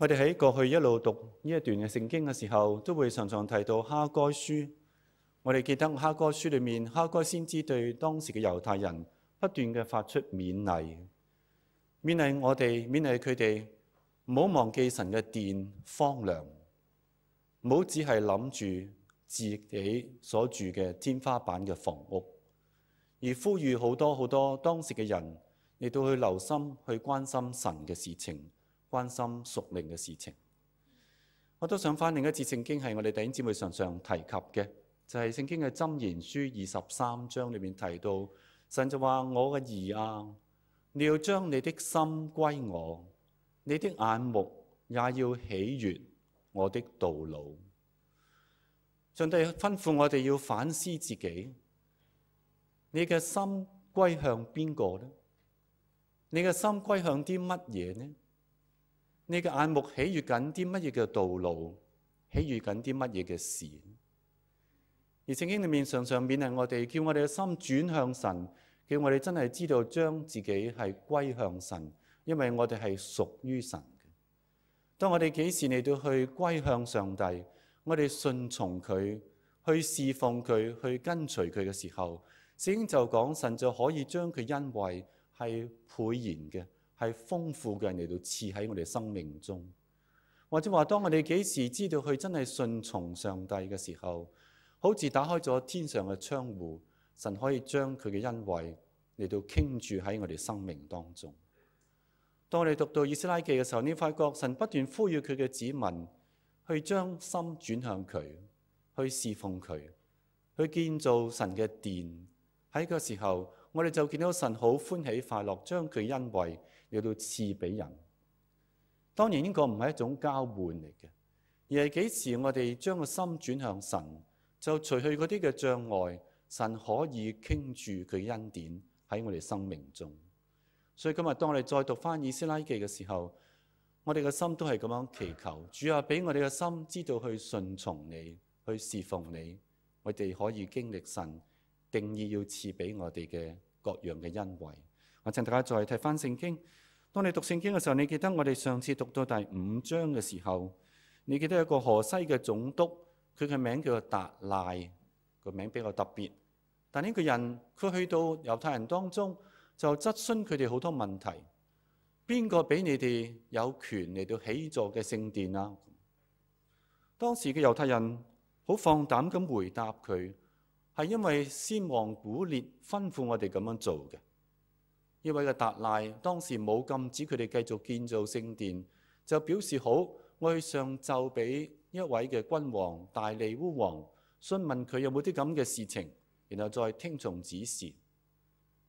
我哋喺過去一路讀呢一段嘅聖經嘅時候，都會常常提到哈該書。我哋記得哈該書裏面，哈該先知對當時嘅猶太人不斷嘅發出勉勵，勉勵我哋，勉勵佢哋，唔好忘記神嘅殿荒涼，唔好只係諗住自己所住嘅天花板嘅房屋，而呼籲好多好多當時嘅人嚟到去留心去關心神嘅事情。關心屬靈嘅事情，我都想翻另一節聖經，係我哋弟兄姊妹常常提及嘅，就係、是、聖經嘅箴言書二十三章裏面提到，神就話：我嘅兒啊，你要將你的心歸我，你的眼目也要喜悅我的道路。上帝吩咐我哋要反思自己，你嘅心歸向邊個呢？你嘅心歸向啲乜嘢呢？」你嘅眼目喜悅緊啲乜嘢嘅道路？喜悅緊啲乜嘢嘅事？而聖經嘅面上上面係我哋叫我哋嘅心轉向神，叫我哋真係知道將自己係歸向神，因為我哋係屬於神嘅。當我哋幾時嚟到去歸向上帝，我哋順從佢，去侍奉佢，去跟隨佢嘅時候，聖經就講神就可以將佢恩惠係倍然嘅。係豐富嘅人嚟到賜喺我哋生命中，或者話當我哋幾時知道佢真係順從上帝嘅時候，好似打開咗天上嘅窗戶，神可以將佢嘅恩惠嚟到傾注喺我哋生命當中。當我哋讀到以斯拉記嘅時候，你發覺神不斷呼籲佢嘅子民去將心轉向佢，去侍奉佢，去建造神嘅殿。喺個時候，我哋就見到神好歡喜快樂，將佢恩惠，要到賜俾人，當然呢個唔係一種交換嚟嘅，而係幾時我哋將個心轉向神，就除去嗰啲嘅障礙，神可以傾注佢恩典喺我哋生命中。所以今日當我哋再讀翻以斯拉記嘅時候，我哋嘅心都係咁樣祈求主啊，俾我哋嘅心知道去順從你，去侍奉你，我哋可以經歷神定意要賜俾我哋嘅各樣嘅恩惠。我請大家再睇翻聖經。當你讀聖經嘅時候，你記得我哋上次讀到第五章嘅時候，你記得有個河西嘅總督，佢嘅名叫做達賴，個名比較特別。但呢個人佢去到猶太人當中，就質詢佢哋好多問題：邊個俾你哋有權嚟到起座嘅聖殿啊？當時嘅猶太人好放膽咁回答佢，係因為先王古列吩咐我哋咁樣做嘅。一位嘅達賴當時冇禁止佢哋繼續建造聖殿，就表示好，我去上奏俾一位嘅君王大利烏王，詢問佢有冇啲咁嘅事情，然後再聽從指示。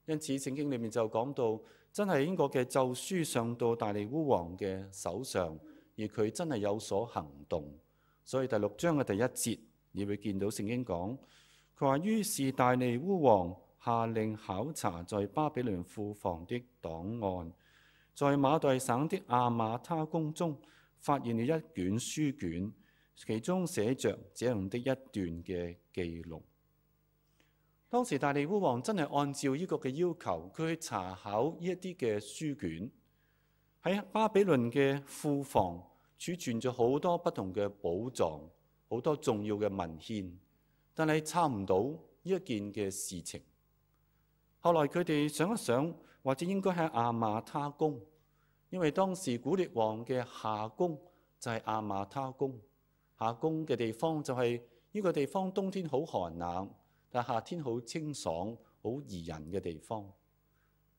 因此聖經裏面就講到，真係英國嘅奏書上到大利烏王嘅手上，而佢真係有所行動。所以第六章嘅第一節，你會見到聖經講，佢話於是大利烏王。下令考察在巴比倫庫房的檔案，在馬代省的阿馬他宮中發現了一卷書卷，其中寫着這樣的一段嘅記錄。當時大利烏王真係按照呢個嘅要求，佢去查考呢一啲嘅書卷。喺巴比倫嘅庫房儲存咗好多不同嘅寶藏，好多重要嘅文獻，但係查唔到呢一件嘅事情。後來佢哋想一想，或者應該係亞馬他宮，因為當時古列王嘅夏宮就係亞馬他宮。夏宮嘅地方就係呢個地方，冬天好寒冷，但夏天好清爽、好宜人嘅地方，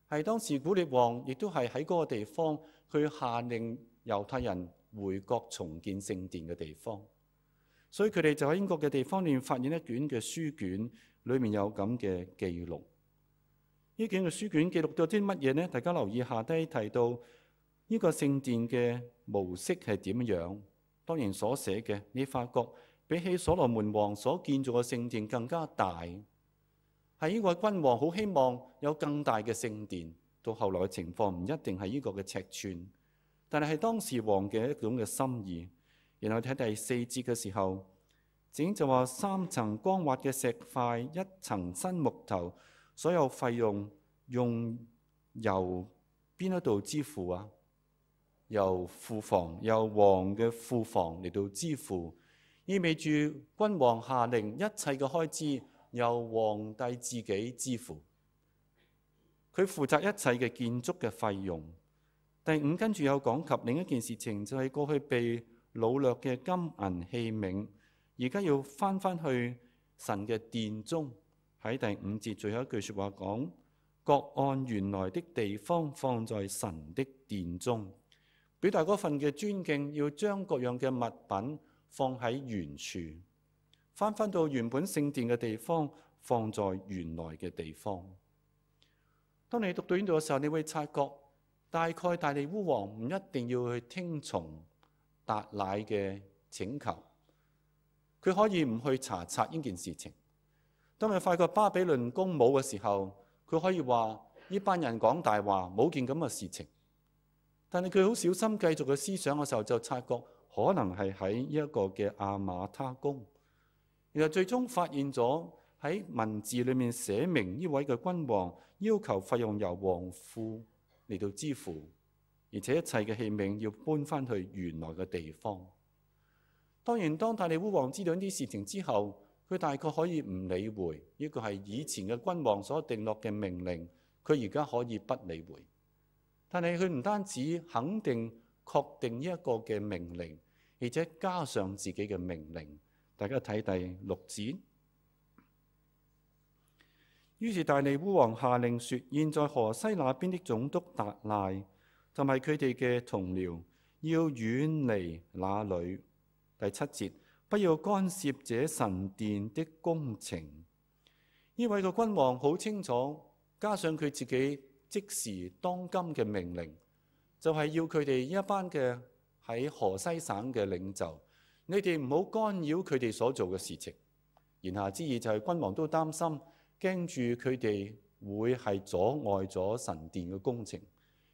係當時古列王亦都係喺嗰個地方去下令猶太人回國重建聖殿嘅地方。所以佢哋就喺英國嘅地方裏面發現一卷嘅書卷，裏面有咁嘅記錄。呢卷嘅書卷記錄咗啲乜嘢呢？大家留意下低提到呢個聖殿嘅模式係點樣？當然所寫嘅，你發覺比起所羅門王所建造嘅聖殿更加大，喺呢個君王好希望有更大嘅聖殿。到後來嘅情況唔一定係呢個嘅尺寸，但係喺當時王嘅一種嘅心意。然後睇第四節嘅時候，整就話三層光滑嘅石塊，一層新木頭。所有費用用由邊一度支付啊？由庫房，由王嘅庫房嚟到支付，意味住君王下令一切嘅開支由皇帝自己支付。佢負責一切嘅建築嘅費用。第五跟住有講及另一件事情，就係、是、過去被擄掠嘅金銀器皿，而家要返返去神嘅殿中。喺第五節最後一句説話講：各按原來的地方放在神的殿中，表達嗰份嘅尊敬，要將各樣嘅物品放喺原處，翻返到原本聖殿嘅地方，放在原來嘅地方。當你讀到呢度嘅時候，你會察覺，大概大利烏王唔一定要去聽從達乃嘅請求，佢可以唔去查察呢件事情。當佢發覺巴比倫宮冇嘅時候，佢可以話呢班人講大話，冇件咁嘅事情。但係佢好小心繼續嘅思想嘅時候，就察覺可能係喺一個嘅阿瑪他宮。然後最終發現咗喺文字裏面寫明呢位嘅君王要求費用由王庫，嚟到支付，而且一切嘅器皿要搬翻去原來嘅地方。當然，當大利烏王知道呢啲事情之後，佢大概可以唔理會，呢個係以前嘅君王所定落嘅命令，佢而家可以不理會。但係佢唔單止肯定、確定呢一個嘅命令，而且加上自己嘅命令。大家睇第六節。於是大利烏王下令說，現在河西那邊的總督達賴同埋佢哋嘅同僚，要遠離那裏。第七節。不要干涉這神殿的工程。呢位個君王好清楚，加上佢自己即時當今嘅命令，就係要佢哋呢一班嘅喺河西省嘅領袖，你哋唔好干擾佢哋所做嘅事情。言下之意就係君王都擔心，驚住佢哋會係阻礙咗神殿嘅工程，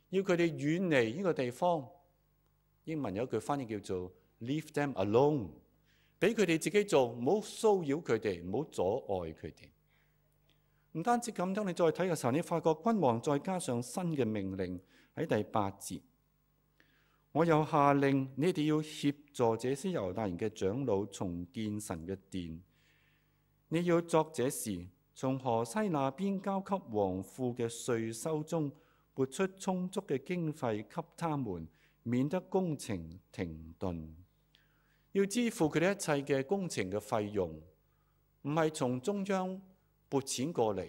要佢哋遠離呢個地方。英文有一句翻譯叫做「Leave them alone」。俾佢哋自己做，唔好騷擾佢哋，唔好阻礙佢哋。唔單止咁，當你再睇嘅時候，你發覺君王再加上新嘅命令喺第八節，我又下令你哋要協助這些猶大人嘅長老重建神嘅殿。你要作這事，從河西那邊交給王庫嘅稅收中撥出充足嘅經費給他們，免得工程停頓。要支付佢哋一切嘅工程嘅費用，唔係從中央撥錢過嚟，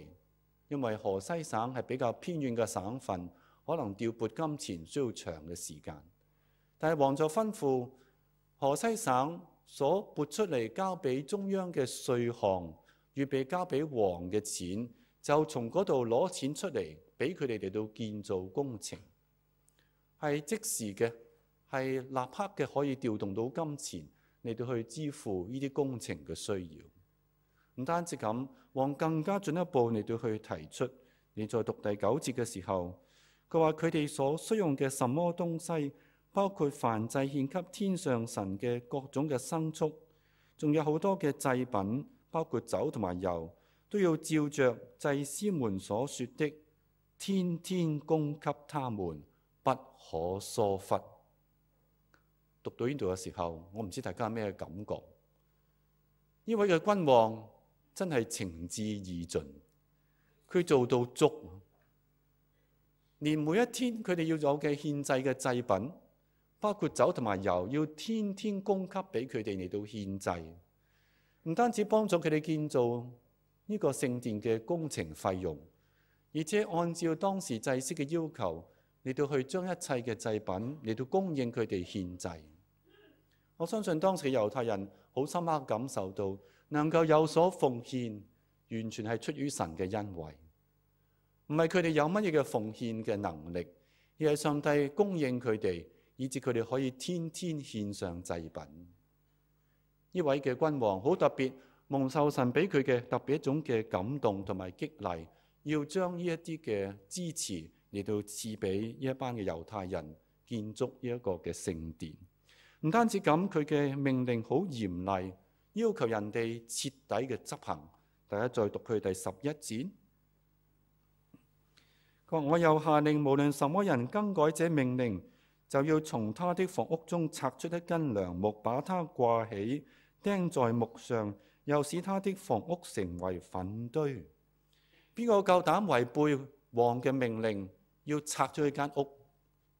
因為河西省係比較偏遠嘅省份，可能調撥金錢需要長嘅時間。但係王就吩咐河西省所撥出嚟交俾中央嘅稅項，預備交俾王嘅錢，就從嗰度攞錢出嚟俾佢哋嚟到建造工程，係即時嘅。係立刻嘅，可以調動到金錢嚟到去支付呢啲工程嘅需要。唔單止咁，王更加進一步嚟到去提出，你在讀第九節嘅時候，佢話佢哋所需用嘅什麼東西，包括凡制獻給天上神嘅各種嘅牲畜，仲有好多嘅祭品，包括酒同埋油，都要照着祭司們所說的，天天供給他們，不可疏忽。讀到呢度嘅時候，我唔知大家有咩感覺？呢位嘅君王真係情至義盡，佢做到足，連每一天佢哋要有嘅獻祭嘅祭品，包括酒同埋油，要天天供給俾佢哋嚟到獻祭。唔單止幫助佢哋建造呢個聖殿嘅工程費用，而且按照當時祭祀嘅要求。嚟到去將一切嘅祭品嚟到供應佢哋獻祭，我相信當時嘅猶太人好深刻感受到，能夠有所奉獻，完全係出於神嘅恩惠，唔係佢哋有乜嘢嘅奉獻嘅能力，而係上帝供應佢哋，以至佢哋可以天天獻上祭品。呢位嘅君王好特別，蒙受神俾佢嘅特別一種嘅感動同埋激勵，要將呢一啲嘅支持。嚟到賜俾呢一班嘅猶太人建築呢一個嘅聖殿，唔單止咁，佢嘅命令好嚴厲，要求人哋徹底嘅執行。大家再讀佢第十一節，佢話：我又下令，無論什麼人更改這命令，就要從他的房屋中拆出一根梁木，把它掛起，釘在木上，又使他的房屋成為糞堆。邊個夠膽違背王嘅命令？要拆咗佢間屋，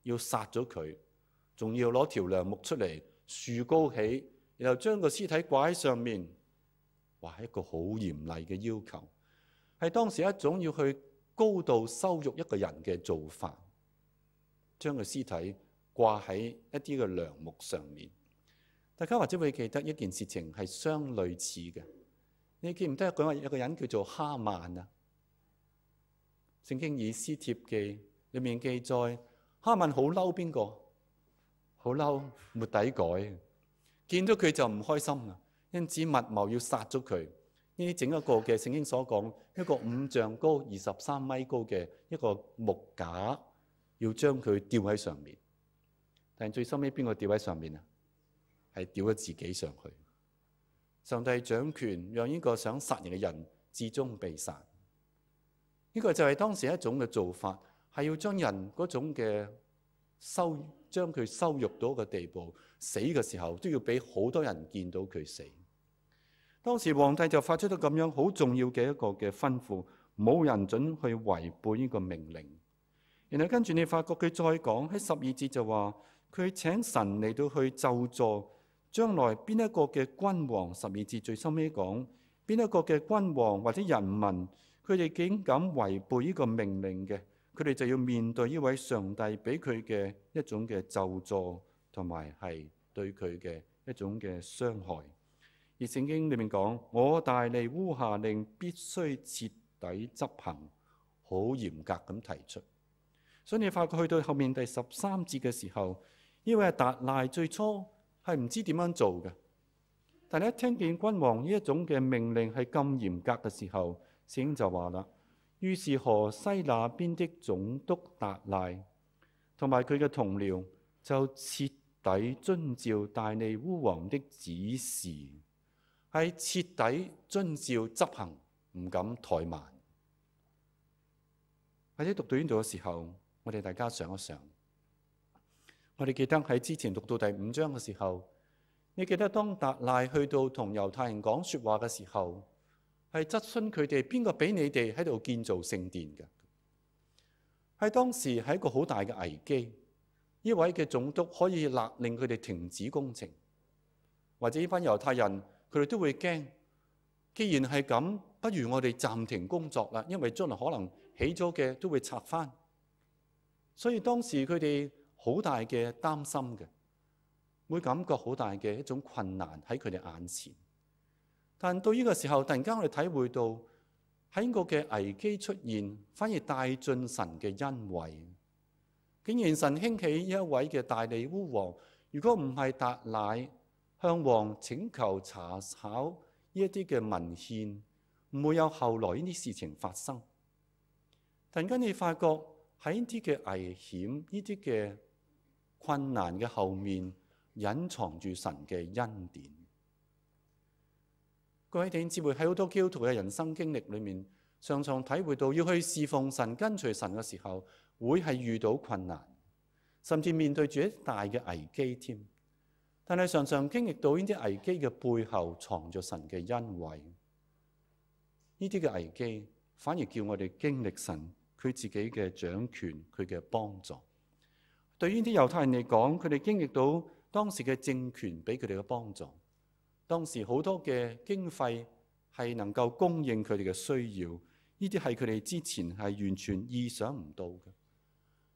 要殺咗佢，仲要攞條梁木出嚟豎高起，然後將個屍體掛喺上面。哇，一個好嚴厲嘅要求，係當時一種要去高度羞辱一個人嘅做法，將個屍體掛喺一啲嘅梁木上面。大家或者會記得一件事情係相類似嘅，你記唔記得講話有個人叫做哈曼啊？聖經以斯帖記。裡面記載哈曼好嬲邊個，好嬲末底改，見到佢就唔開心啦，因此密謀要殺咗佢。呢啲整一個嘅聖經所講一個五丈高、二十三米高嘅一個木架，要將佢吊喺上面。但係最收尾邊個吊喺上面啊？係吊咗自己上去。上帝掌權，讓呢個想殺人嘅人至終被殺。呢個就係當時一種嘅做法。係要將人嗰種嘅收將佢羞辱到個地步，死嘅時候都要俾好多人見到佢死。當時皇帝就發出咗咁樣好重要嘅一個嘅吩咐，冇人准去違背呢個命令。然後跟住你發覺佢再講喺十二節就話佢請神嚟到去咒詛將來邊一個嘅君王。十二節最終尾講邊一個嘅君王或者人民，佢哋竟敢違背呢個命令嘅？佢哋就要面對呢位上帝俾佢嘅一種嘅咒詛，同埋係對佢嘅一種嘅傷害。而聖經裏面講：我大利烏下令必須徹底執行，好嚴格咁提出。所以你發覺去到後面第十三節嘅時候，呢位達賴最初係唔知點樣做嘅，但係一聽見君王呢一種嘅命令係咁嚴格嘅時候，聖經就話啦。於是河西那邊的總督達賴同埋佢嘅同僚就徹底遵照大利烏王的指示，係徹底遵照執行，唔敢怠慢。或者讀到呢度嘅時候，我哋大家想一想，我哋記得喺之前讀到第五章嘅時候，你記得當達賴去到同猶太人講說話嘅時候。係質詢佢哋邊個俾你哋喺度建造聖殿嘅？係當時係一個好大嘅危機。呢位嘅總督可以勒令佢哋停止工程，或者呢班猶太人佢哋都會驚。既然係咁，不如我哋暫停工作啦，因為將來可能起咗嘅都會拆返。所以當時佢哋好大嘅擔心嘅，會感覺好大嘅一種困難喺佢哋眼前。但到呢個時候，突然間我哋體會到喺個嘅危機出現，反而帶進神嘅恩惠。竟然神興起一位嘅大利烏王，如果唔係達乃向王請求查考呢一啲嘅文獻，唔會有後來呢啲事情發生。突然間你發覺喺呢啲嘅危險、呢啲嘅困難嘅後面，隱藏住神嘅恩典。各位弟兄姊妹，喺好多基督徒嘅人生經歷裏面，常常體會到要去侍奉神、跟隨神嘅時候，會係遇到困難，甚至面對住一大嘅危機添。但係常常經歷到呢啲危機嘅背後，藏著神嘅恩惠。呢啲嘅危機反而叫我哋經歷神佢自己嘅掌權、佢嘅幫助。對於呢啲猶太人嚟講，佢哋經歷到當時嘅政權俾佢哋嘅幫助。當時好多嘅經費係能夠供應佢哋嘅需要，呢啲係佢哋之前係完全意想唔到嘅。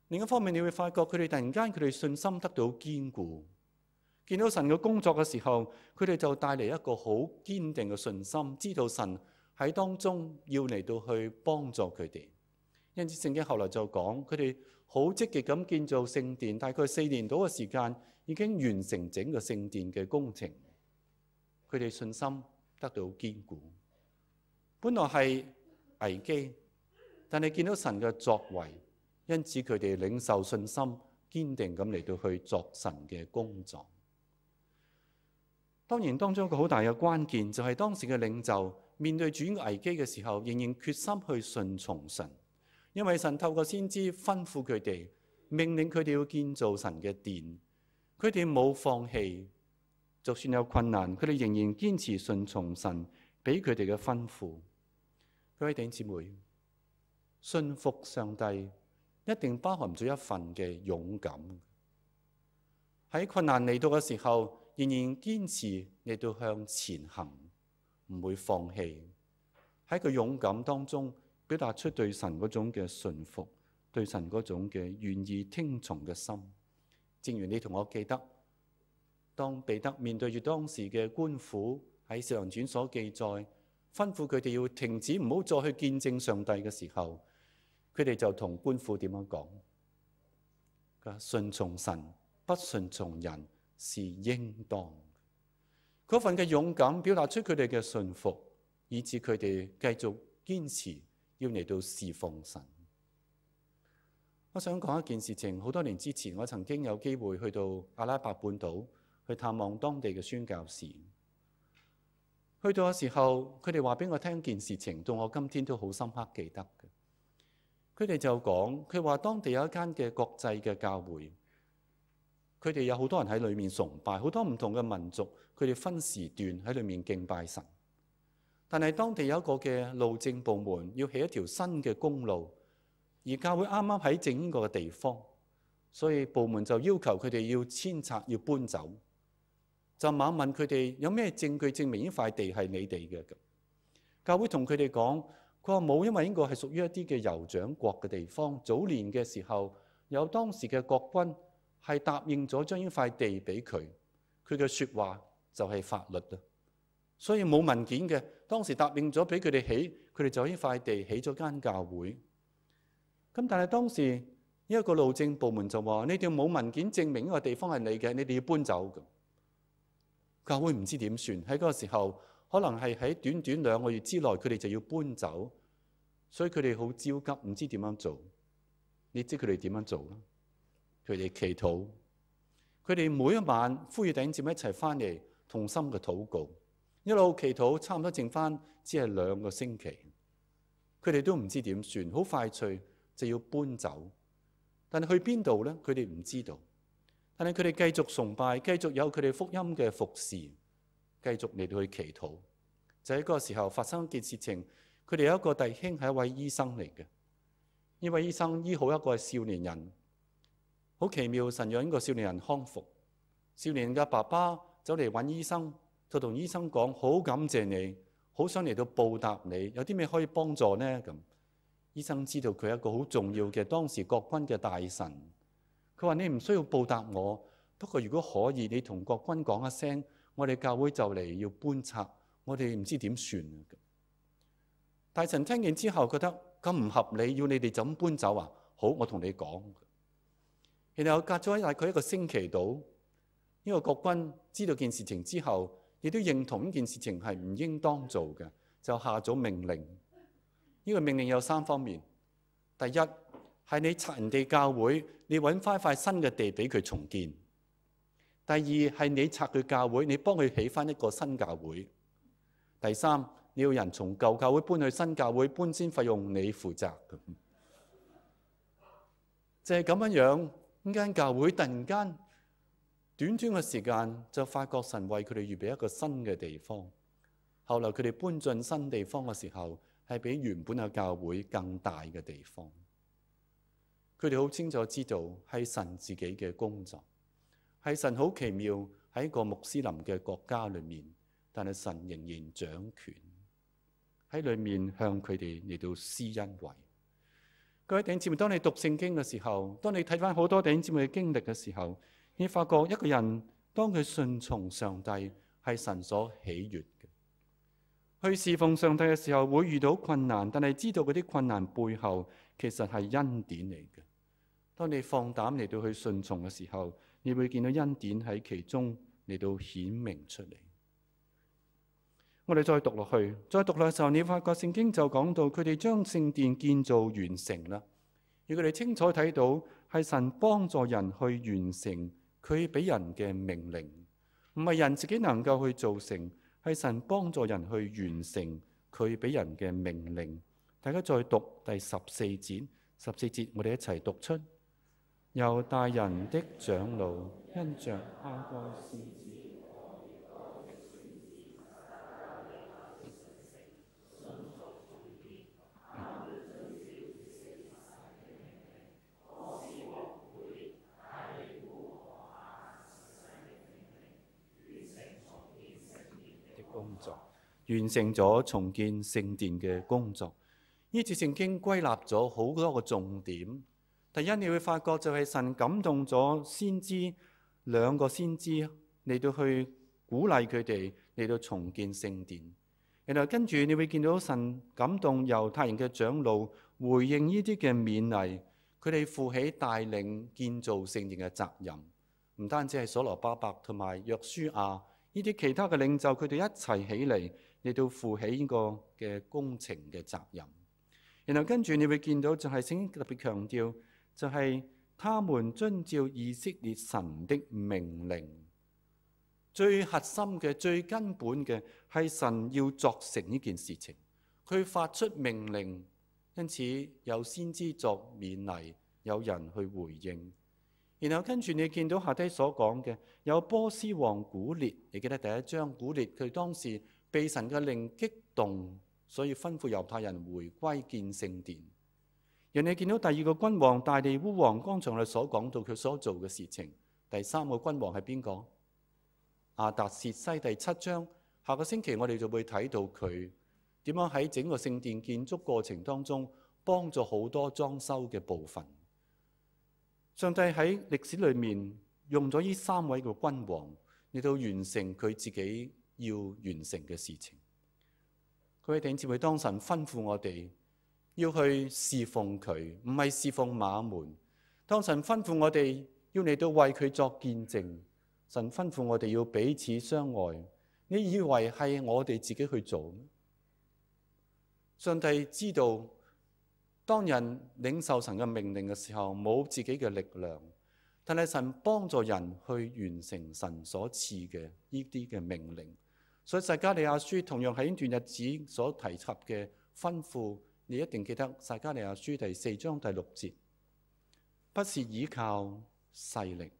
另一方面，你會發覺佢哋突然間佢哋信心得到堅固，見到神嘅工作嘅時候，佢哋就帶嚟一個好堅定嘅信心，知道神喺當中要嚟到去幫助佢哋。因此，聖經後來就講佢哋好積極咁建造聖殿，大概四年度嘅時間已經完成整個聖殿嘅工程。佢哋信心得到堅固，本來係危機，但係見到神嘅作為，因此佢哋領袖信心堅定咁嚟到去作神嘅工作。當然當中一個好大嘅關鍵就係、是、當時嘅領袖面對住嘅危機嘅時候，仍然決心去順從神，因為神透過先知吩咐佢哋命令佢哋要建造神嘅殿，佢哋冇放棄。就算有困難，佢哋仍然堅持順從神俾佢哋嘅吩咐。各位弟兄姊妹，信服上帝一定包含咗一份嘅勇敢。喺困難嚟到嘅時候，仍然堅持嚟到向前行，唔會放棄。喺個勇敢當中，表達出對神嗰種嘅信服，對神嗰種嘅願意聽從嘅心。正如你同我記得。當彼得面對住當時嘅官府喺《使徒行傳》所記載，吩咐佢哋要停止，唔好再去見證上帝嘅時候，佢哋就同官府點樣講？噶，順從神，不順從人是應當。嗰份嘅勇敢，表達出佢哋嘅信服，以至佢哋繼續堅持要嚟到侍奉神。我想講一件事情，好多年之前，我曾經有機會去到阿拉伯半島。去探望當地嘅宣教士，去到嘅時候，佢哋話俾我聽件事情，到我今天都好深刻記得嘅。佢哋就講，佢話當地有一間嘅國際嘅教會，佢哋有好多人喺裏面崇拜，好多唔同嘅民族，佢哋分時段喺裏面敬拜神。但係當地有一個嘅路政部門要起一條新嘅公路，而教會啱啱喺整個地方，所以部門就要求佢哋要遷拆，要搬走。就猛問佢哋有咩證據證明呢塊地係你哋嘅？教會同佢哋講：佢話冇，因為呢個係屬於一啲嘅酋長國嘅地方。早年嘅時候有當時嘅國君係答應咗將呢塊地俾佢，佢嘅説話就係法律啦。所以冇文件嘅，當時答應咗俾佢哋起，佢哋就喺呢塊地起咗間教會。咁但係當時一個路政部門就話：你哋冇文件證明呢個地方係你嘅，你哋要搬走嘅。教會唔知點算，喺嗰個時候，可能係喺短短兩個月之內，佢哋就要搬走，所以佢哋好焦急，唔知點樣做。你知佢哋點樣做啦？佢哋祈禱，佢哋每一晚呼籲頂接一齊翻嚟同心嘅禱告，一路祈禱，差唔多剩翻只係兩個星期，佢哋都唔知點算，好快脆就要搬走，但係去邊度咧？佢哋唔知道。但係佢哋繼續崇拜，繼續有佢哋福音嘅服侍，繼續嚟到去祈禱。就喺嗰個時候發生一件事情，佢哋有一個弟兄係一位醫生嚟嘅。呢位醫生醫好一個少年人，好奇妙，神讓呢個少年人康復。少年嘅爸爸走嚟搵醫生，就同醫生講：好感謝你，好想嚟到報答你，有啲咩可以幫助呢？咁醫生知道佢係一個好重要嘅當時國軍嘅大臣。佢話：你唔需要報答我，不過如果可以，你同國君講一聲，我哋教會就嚟要搬拆，我哋唔知點算啊！大臣聽完之後覺得咁唔合理，要你哋怎搬走啊！好，我同你講。然後隔咗大概一個星期到，呢個國君知道件事情之後，亦都認同呢件事情係唔應當做嘅，就下咗命令。呢個命令有三方面，第一。係你拆人哋教會，你搵翻一塊新嘅地俾佢重建。第二係你拆佢教會，你幫佢起翻一個新教會。第三，你要人從舊教會搬去新教會，搬遷費用你負責。就係咁樣樣，呢間教會突然間短短嘅時間就發覺神為佢哋預備一個新嘅地方。後來佢哋搬進新地方嘅時候，係比原本嘅教會更大嘅地方。佢哋好清楚知道係神自己嘅工作，係神好奇妙，喺一個穆斯林嘅國家裏面，但係神仍然掌權，喺裏面向佢哋嚟到施恩惠。各位弟兄姊妹，當你讀聖經嘅時候，當你睇翻好多弟兄姊妹嘅經歷嘅時候，你發覺一個人當佢順從上帝係神所喜悦嘅，去侍奉上帝嘅時候會遇到困難，但係知道嗰啲困難背後其實係恩典嚟嘅。當你放膽嚟到去順從嘅時候，你會見到恩典喺其中嚟到顯明出嚟。我哋再讀落去，再讀落嘅時候，你會發覺聖經就講到佢哋將聖殿建造完成啦。而佢哋清楚睇到係神幫助人去完成佢俾人嘅命令，唔係人自己能夠去做成，係神幫助人去完成佢俾人嘅命令。大家再讀第十四節，十四節，我哋一齊讀出。由大人的長老跟着阿哥先至完成咗重建聖殿嘅工作。呢次聖經歸納咗好多個重點。第一，你會發覺就係神感動咗先知，兩個先知嚟到去鼓勵佢哋嚟到重建聖殿。然後跟住你會見到神感動猶太人嘅長老回應呢啲嘅勉勵，佢哋負起帶領建造聖殿嘅責任。唔單止係所羅巴伯同埋約書亞呢啲其他嘅領袖，佢哋一齊起嚟嚟到負起呢個嘅工程嘅責任。然後跟住你會見到就係聖經特別強調。就係他們遵照以色列神的命令，最核心嘅、最根本嘅係神要作成呢件事情。佢發出命令，因此有先知作勉勵，有人去回應。然後跟住你見到下低所講嘅，有波斯王古列，你記得第一章，古列佢當時被神嘅令激動，所以吩咐猶太人回歸建聖殿。人哋見到第二個君王大利烏王，剛才我哋所講到佢所做嘅事情。第三個君王係邊個？亞達薛西第七章。下個星期我哋就會睇到佢點樣喺整個聖殿建築過程當中幫助好多裝修嘅部分。上帝喺歷史裏面用咗呢三位嘅君王嚟到完成佢自己要完成嘅事情。各位弟兄姊妹，當神吩咐我哋，要去侍奉佢，唔係侍奉馬門。當神吩咐我哋要嚟到為佢作見證，神吩咐我哋要彼此相愛。你以為係我哋自己去做咩？上帝知道，當人領受神嘅命令嘅時候，冇自己嘅力量，但係神幫助人去完成神所賜嘅呢啲嘅命令。所以撒迦利亞書同樣喺呢段日子所提及嘅吩咐。你一定記得撒迦利亞書第四章第六節，不是依靠勢力，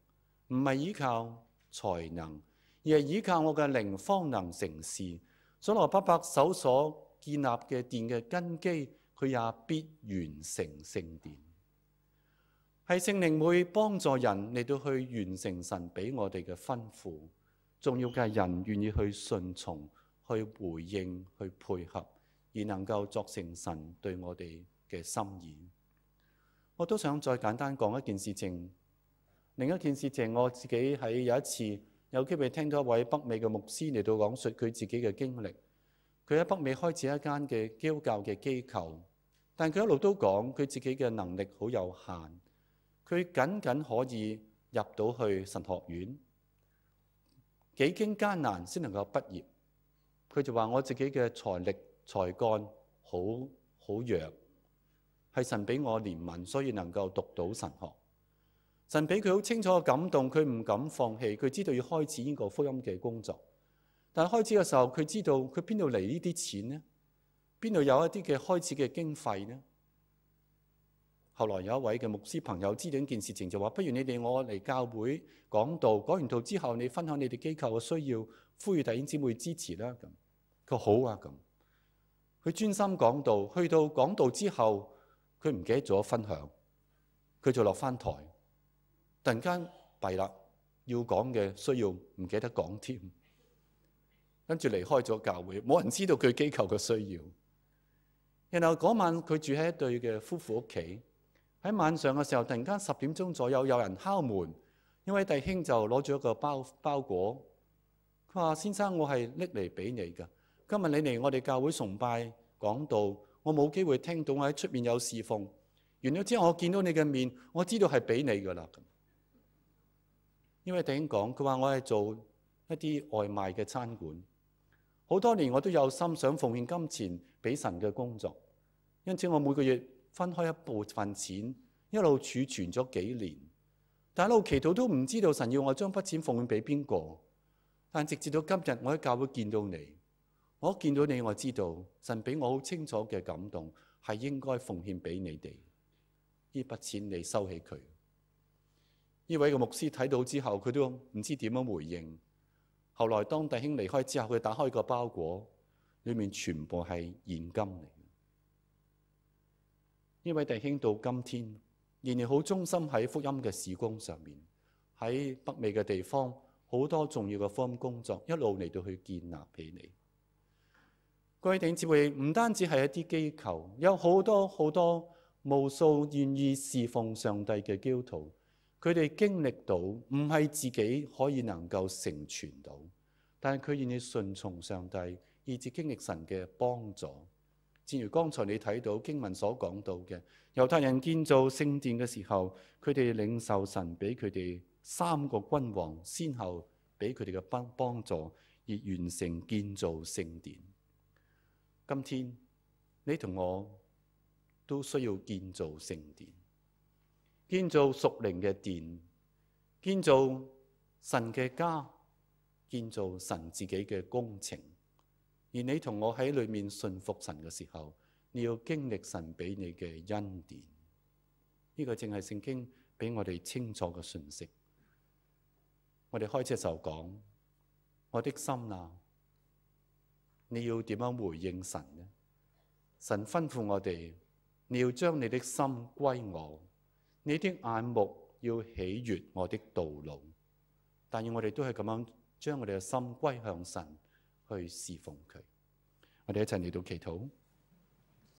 唔係依靠才能，而係依靠我嘅靈方能成事。所羅巴伯手所建立嘅殿嘅根基，佢也必完成聖殿。係聖靈會幫助人嚟到去完成神俾我哋嘅吩咐，重要嘅係人願意去順從、去回應、去配合。而能夠作成神對我哋嘅心意，我都想再簡單講一件事情。另一件事情，我自己喺有一次有機會聽到一位北美嘅牧師嚟到講述佢自己嘅經歷。佢喺北美開始一間嘅基督教嘅機構，但佢一路都講佢自己嘅能力好有限，佢僅僅可以入到去神學院，幾經艱難先能夠畢業。佢就話我自己嘅財力，才幹好好弱，係神俾我憐憫，所以能夠讀到神學。神俾佢好清楚嘅感動，佢唔敢放棄，佢知道要開始呢個福音嘅工作。但係開始嘅時候，佢知道佢邊度嚟呢啲錢呢？邊度有一啲嘅開始嘅經費呢？後來有一位嘅牧師朋友知道呢件事情就，就話不如你哋我嚟教會講道，講完道之後，你分享你哋機構嘅需要，呼籲弟兄姊妹支持啦。咁佢好啊咁。佢專心講道，去到講道之後，佢唔記得咗分享，佢就落翻台。突然間弊啦，要講嘅需要唔記得講添，跟住離開咗教會，冇人知道佢機構嘅需要。然後嗰晚佢住喺一對嘅夫婦屋企，喺晚上嘅時候，突然間十點鐘左右有人敲門，一位弟兄就攞咗一個包包裹，佢話：先生，我係拎嚟俾你㗎。今日你嚟我哋教會崇拜講道，我冇機會聽到。我喺出面有侍奉完咗之後，我見到你嘅面，我知道係俾你噶啦。呢位弟兄講，佢話我係做一啲外賣嘅餐館，好多年我都有心想奉獻金錢俾神嘅工作，因此我每個月分開一部分錢一路儲存咗幾年，但係一路祈禱都唔知道神要我將筆錢奉獻俾邊個。但直至到今日，我喺教會見到你。我見到你，我知道神俾我好清楚嘅感動，係應該奉獻俾你哋。呢筆錢你收起佢。呢位嘅牧師睇到之後，佢都唔知點樣回應。後來當弟兄離開之後，佢打開個包裹，裡面全部係現金嚟。呢位弟兄到今天仍然好忠心喺福音嘅事工上面，喺北美嘅地方好多重要嘅福音工作，一路嚟到去建立俾你。佢定智慧唔單止係一啲機構，有好多好多無數願意侍奉上帝嘅基督徒，佢哋經歷到唔係自己可以能夠成全到，但係佢願意順從上帝，以至經歷神嘅幫助。正如剛才你睇到經文所講到嘅，猶太人建造聖殿嘅時候，佢哋領受神俾佢哋三個君王，先後俾佢哋嘅幫幫助，而完成建造聖殿。今天你同我都需要建造聖殿，建造屬靈嘅殿，建造神嘅家，建造神自己嘅工程。而你同我喺裏面信服神嘅時候，你要經歷神俾你嘅恩典。呢、這個正係聖經俾我哋清楚嘅信息。我哋開始就講，我的心啊。你要點樣回應神呢？神吩咐我哋，你要將你的心歸我，你的眼目要喜悅我的道路。但願我哋都係咁樣，將我哋嘅心歸向神去侍奉佢。我哋一齊嚟到祈禱。